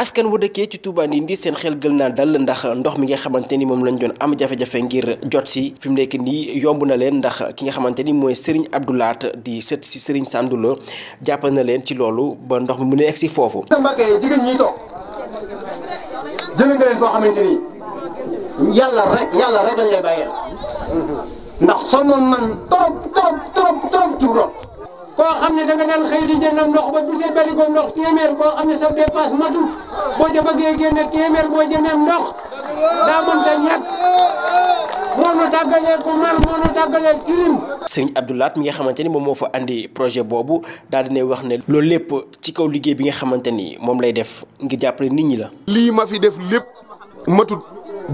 askan wu dëkkee ci Touba Ndindi seen xel gël naa dal ndax ndox mi nga xamante ni moom lañ joon am jafe-jafe ngir jot si fi mu nekk nii yomb na leen ndax ki nga xamante ni mooy sëriñ Abdou Lahat di sët si Serigne Sandu Lo na leen ci loolu ba ndox mi mu ne egg si foofu. jëlee nga leen koo xamante ni yàlla rek yàlla rek lañ lay bàyyee ndax sonnoon nan trop trop trop trop ci xam ne da nga daan xëy di jënd ndox ba du see bari ko ndox téeméer koo xam ne sa dépasse matul boo ca bëggee génne téeméer boo jëndee ndox daa mënta ñàkk moo nu daggalee ku mar moo nu daggalee tilim sëriñ Abdou mi nga xamante ni moom moo fa indi projet boobu daal dinay wax ne loolu lépp ci kaw liggéey bi nga xamante ni moom lay def ngir jàppale nit ñi la lii ma fi def lépp matut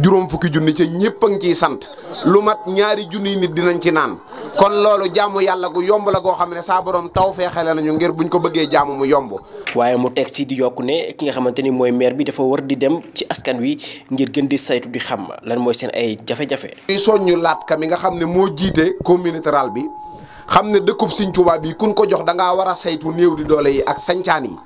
juróom fukki junni ci ñëpp a ngi ciy sant lu mat ñaari junni nit dinañ ci naan kon loolu jàmm yàlla gu yomb la goo xam ne saa borom taw fee xele nañu ngir buñ ko bëggee jaamu yomb. waaye mu teg si di yokku ne ki nga xamante ni mooy maire bi dafa war di dem ci askan wi ngir gën di saytu di xam lan mooy seen ay jafe-jafe. ñuy soññu laat ka mi nga xam ne moo jiite communauté rurale bi xam ne dëkkub Sëñ Tuubaa yi kun ko jox da ngaa war a saytu néew di doole yi ak sañcaan yi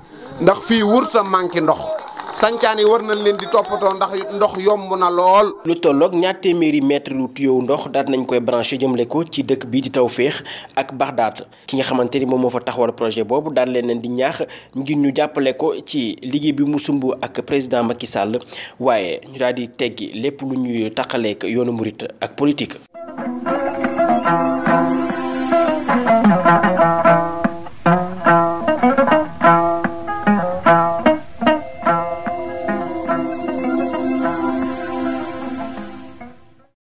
ndax fii wurta manqué ndox. sancaan yi war nañ leen di toppatoo ndax ndox yomb na lool. lu tollook ñaar téeméeri mètre tuyau ndox daal nañ koy branché jëmale ko ci dëkk bii di Tawféex ak Baxdaat ki nga xamante ni moom moo fa taxawal projet boobu daal leen di ñaax ngir ñu jàppale ko ci liggéey bi mu sumb ak président Macky Sall waaye ñu daal di teggi lépp lu ñuy taqaleek yoonu murit ak politique.